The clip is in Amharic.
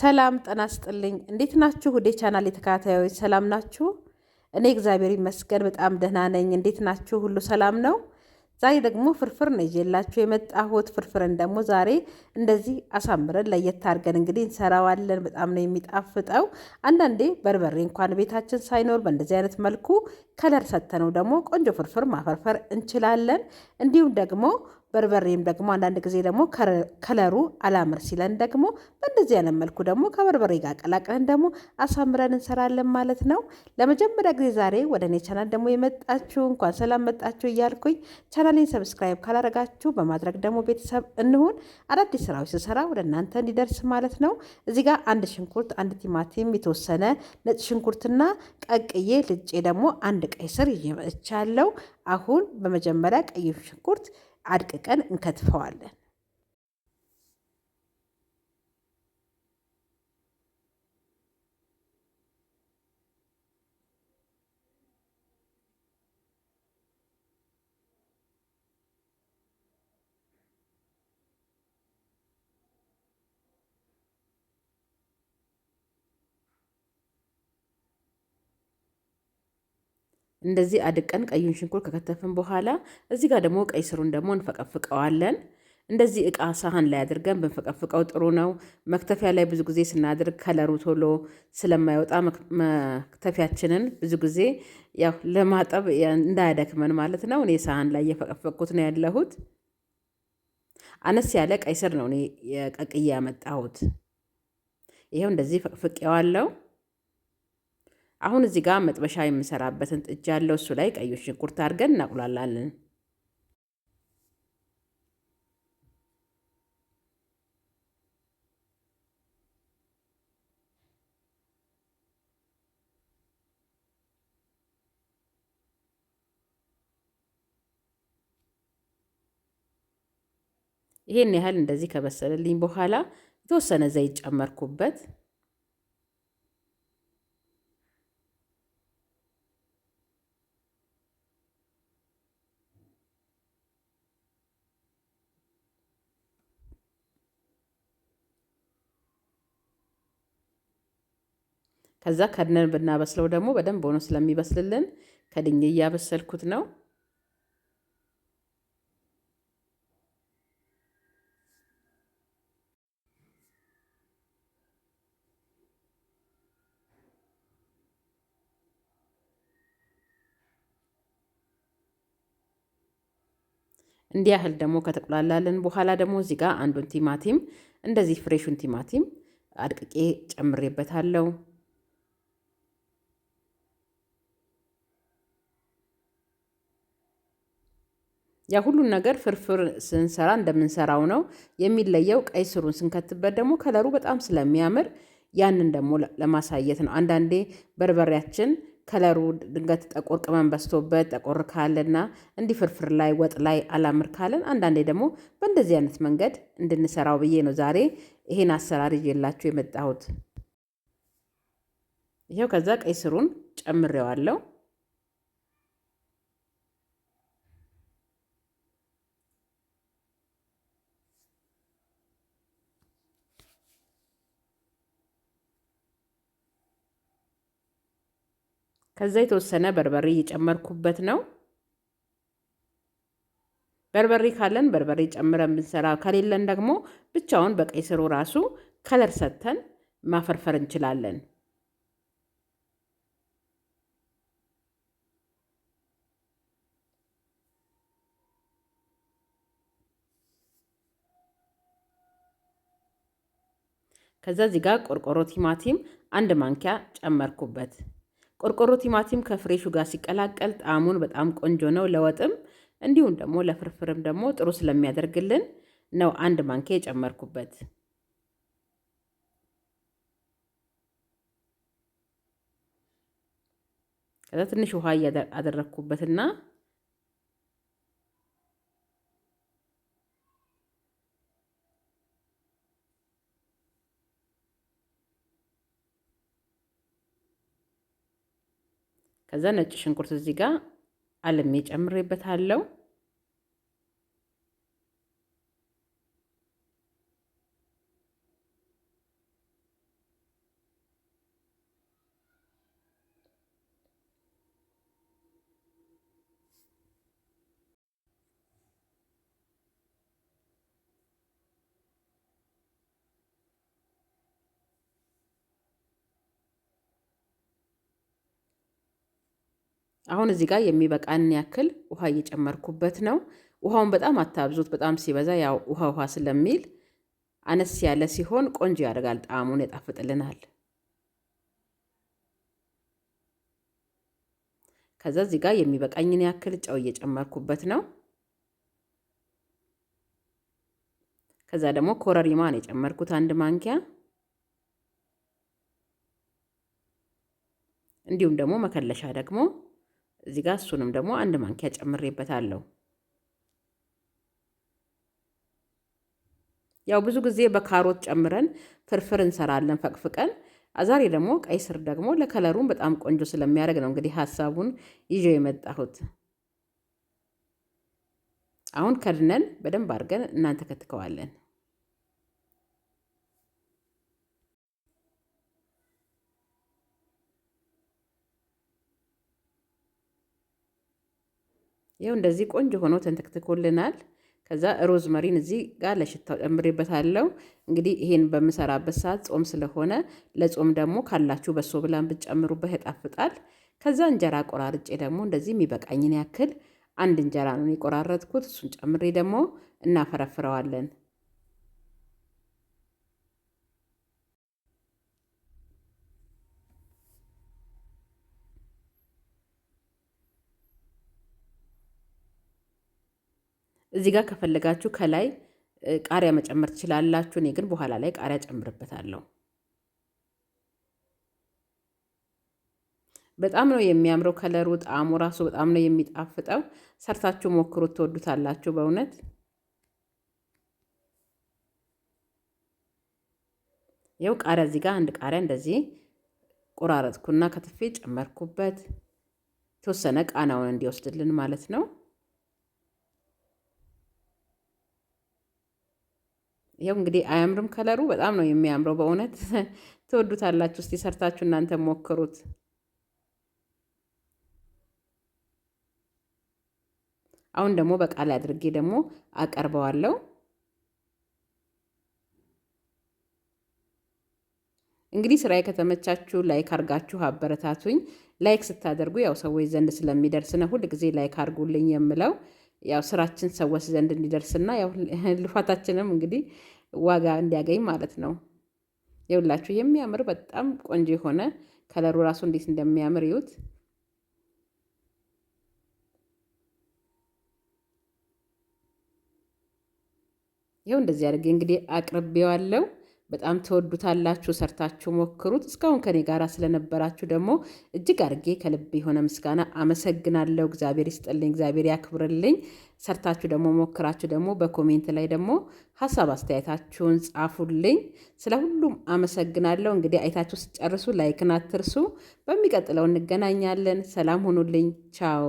ሰላም ጠና ስጥልኝ እንዴት ናችሁ? ወደ ቻናል የተከታታዮች ሰላም ናችሁ? እኔ እግዚአብሔር ይመስገን በጣም ደህና ነኝ። እንዴት ናችሁ? ሁሉ ሰላም ነው? ዛሬ ደግሞ ፍርፍር ነው ይዤላችሁ የመጣሁት። ፍርፍርን ደግሞ ዛሬ እንደዚህ አሳምረን ለየት አድርገን እንግዲህ እንሰራዋለን። በጣም ነው የሚጣፍጠው። አንዳንዴ በርበሬ እንኳን ቤታችን ሳይኖር በእንደዚህ አይነት መልኩ ከለር ሰተነው ደግሞ ቆንጆ ፍርፍር ማፈርፈር እንችላለን። እንዲሁም ደግሞ በርበሬም ደግሞ አንዳንድ ጊዜ ደግሞ ከለሩ አላምር ሲለን ደግሞ በእንደዚህ አይነት መልኩ ደግሞ ከበርበሬ ጋር ቀላቅለን ደግሞ አሳምረን እንሰራለን ማለት ነው። ለመጀመሪያ ጊዜ ዛሬ ወደ እኔ ቻናል ደግሞ የመጣችሁ እንኳን ሰላም መጣችሁ እያልኩኝ ቻናሌን ሰብስክራይብ ካላረጋችሁ በማድረግ ደግሞ ቤተሰብ እንሁን። አዳዲስ ስራዎች ስሰራ ወደ እናንተ እንዲደርስ ማለት ነው። እዚህ ጋር አንድ ሽንኩርት፣ አንድ ቲማቲም፣ የተወሰነ ነጭ ሽንኩርትና ቀቅዬ ልጬ ደግሞ አንድ ቀይ ስር ይመቻለው። አሁን በመጀመሪያ ቀይ ሽንኩርት አድቅቀን እንከትፈዋለን። እንደዚህ አድቀን ቀዩን ሽንኩርት ከከተፍን በኋላ እዚህ ጋር ደግሞ ቀይ ስሩን ደግሞ እንፈቀፍቀዋለን። እንደዚህ እቃ ሳህን ላይ አድርገን ብንፈቀፍቀው ጥሩ ነው። መክተፊያ ላይ ብዙ ጊዜ ስናድርግ ከለሩ ቶሎ ስለማይወጣ መክተፊያችንን ብዙ ጊዜ ያው ለማጠብ እንዳያደክመን ማለት ነው። እኔ ሳህን ላይ እየፈቀፈቅኩት ነው ያለሁት። አነስ ያለ ቀይ ስር ነው እኔ ቀቅዬ ያመጣሁት። ይኸው እንደዚህ ፈቅፍቄዋለሁ። አሁን እዚህ ጋር መጥበሻ የምሰራበትን ጥጃ ያለው እሱ ላይ ቀይ ሽንኩርት አድርገን እናቁላላለን። ይሄን ያህል እንደዚህ ከበሰለልኝ በኋላ የተወሰነ ዘይት ጨመርኩበት። ከዛ ከድነን ብናበስለው ደግሞ በደንብ ሆኖ ስለሚበስልልን ከድኜ እያበሰልኩት ነው። እንዲህ ያህል ደግሞ ከተቁላላልን በኋላ ደግሞ እዚህ ጋር አንዱን ቲማቲም እንደዚህ ፍሬሹን ቲማቲም አድቅቄ ጨምሬበታለሁ። ያ ሁሉን ነገር ፍርፍር ስንሰራ እንደምንሰራው ነው የሚለየው። ቀይ ስሩን ስንከትበት ደግሞ ከለሩ በጣም ስለሚያምር ያንን ደግሞ ለማሳየት ነው። አንዳንዴ በርበሬያችን ከለሩ ድንገት ጠቆር ቅመም በስቶበት ጠቆር ካለና እንዲህ ፍርፍር ላይ ወጥ ላይ አላምር ካለን አንዳንዴ ደግሞ በእንደዚህ አይነት መንገድ እንድንሰራው ብዬ ነው ዛሬ ይሄን አሰራር ይዤላችሁ የመጣሁት። ይኸው ከዛ ቀይ ስሩን ጨምሬዋለሁ። ከዛ የተወሰነ በርበሬ እየጨመርኩበት ነው። በርበሬ ካለን በርበሬ ጨምረን ብንሰራ ከሌለን ደግሞ ብቻውን በቀይ ስሩ ራሱ ከለር ሰጥተን ማፈርፈር እንችላለን። ከዛ እዚህ ጋር ቆርቆሮ ቲማቲም አንድ ማንኪያ ጨመርኩበት። ቆርቆሮ ቲማቲም ከፍሬሹ ጋር ሲቀላቀል ጣዕሙን በጣም ቆንጆ ነው። ለወጥም እንዲሁም ደግሞ ለፍርፍርም ደግሞ ጥሩ ስለሚያደርግልን ነው አንድ ማንኪያ የጨመርኩበት። ከዛ ትንሽ ውሃ አደረግኩበትና ከዛ ነጭ ሽንኩርት እዚህ ጋር አልሜ ጨምሬበታለሁ። አሁን እዚህ ጋር የሚበቃን ያክል ውሃ እየጨመርኩበት ነው። ውሃውን በጣም አታብዙት። በጣም ሲበዛ ያው ውሃ ውሃ ስለሚል አነስ ያለ ሲሆን ቆንጆ ያደርጋል፣ ጣዕሙን ያጣፍጥልናል። ከዛ እዚህ ጋር የሚበቃኝን ያክል ጨው እየጨመርኩበት ነው። ከዛ ደግሞ ኮረሪማ ነው የጨመርኩት አንድ ማንኪያ። እንዲሁም ደግሞ መከለሻ ደግሞ እዚህ ጋር እሱንም ደግሞ አንድ ማንኪያ ጨምሬበታለሁ። ያው ብዙ ጊዜ በካሮት ጨምረን ፍርፍር እንሰራለን ፈቅፍቀን። አዛሬ ደግሞ ቀይ ስር ደግሞ ለከለሩን በጣም ቆንጆ ስለሚያደርግ ነው እንግዲህ ሀሳቡን ይዤ የመጣሁት። አሁን ከድነን በደንብ አድርገን እናንተከትከዋለን። ይኸው እንደዚህ ቆንጆ ሆኖ ተንተክትኮልናል። ከዛ ሮዝመሪን እዚህ ጋር ለሽታው ጨምሬበታለሁ። እንግዲህ ይሄን በምሰራበት ሰዓት ጾም ስለሆነ ለጾም ደግሞ ካላችሁ በሶ ብላን ብትጨምሩበት ያጣፍጣል። ከዛ እንጀራ ቆራርጬ ደግሞ እንደዚህ የሚበቃኝን ያክል አንድ እንጀራ ነው የቆራረጥኩት። እሱን ጨምሬ ደግሞ እናፈረፍረዋለን። እዚህ ጋር ከፈለጋችሁ ከላይ ቃሪያ መጨመር ትችላላችሁ። እኔ ግን በኋላ ላይ ቃሪያ ጨምርበታለሁ። በጣም ነው የሚያምረው ከለሩ፣ ጣዕሙ ራሱ በጣም ነው የሚጣፍጠው። ሰርታችሁ ሞክሩት፣ ትወዱታላችሁ በእውነት ይኸው ቃሪያ እዚህ ጋር አንድ ቃሪያ እንደዚህ ቆራረጥኩና ከትፌ ጨመርኩበት የተወሰነ ቃናውን እንዲወስድልን ማለት ነው። ይኸው እንግዲህ አያምርም? ከለሩ በጣም ነው የሚያምረው። በእውነት ትወዱታላችሁ። እስቲ ሰርታችሁ እናንተ ሞክሩት። አሁን ደግሞ በቃል አድርጌ ደግሞ አቀርበዋለሁ። እንግዲህ ስራዬ ከተመቻችሁ ላይክ አርጋችሁ አበረታቱኝ። ላይክ ስታደርጉ ያው ሰዎች ዘንድ ስለሚደርስ ነው ሁልጊዜ ላይክ አርጉልኝ የምለው። ያው ስራችን ሰዎች ዘንድ እንዲደርስና ና ልፋታችንም እንግዲህ ዋጋ እንዲያገኝ ማለት ነው። የሁላችሁ የሚያምር በጣም ቆንጆ የሆነ ከለሩ ራሱ እንዴት እንደሚያምር ይዩት። ይኸው እንደዚህ አድርጌ እንግዲህ አቅርቤዋለሁ። በጣም ተወዱታላችሁ ሰርታችሁ ሞክሩት። እስካሁን ከኔ ጋር ስለነበራችሁ ደግሞ እጅግ አድርጌ ከልብ የሆነ ምስጋና አመሰግናለሁ። እግዚአብሔር ይስጥልኝ፣ እግዚአብሔር ያክብርልኝ። ሰርታችሁ ደግሞ ሞክራችሁ ደግሞ በኮሜንት ላይ ደግሞ ሀሳብ አስተያየታችሁን ጻፉልኝ። ስለ ሁሉም አመሰግናለሁ። እንግዲህ አይታችሁ ስጨርሱ ላይክን አትርሱ። በሚቀጥለው እንገናኛለን። ሰላም ሁኑልኝ። ቻው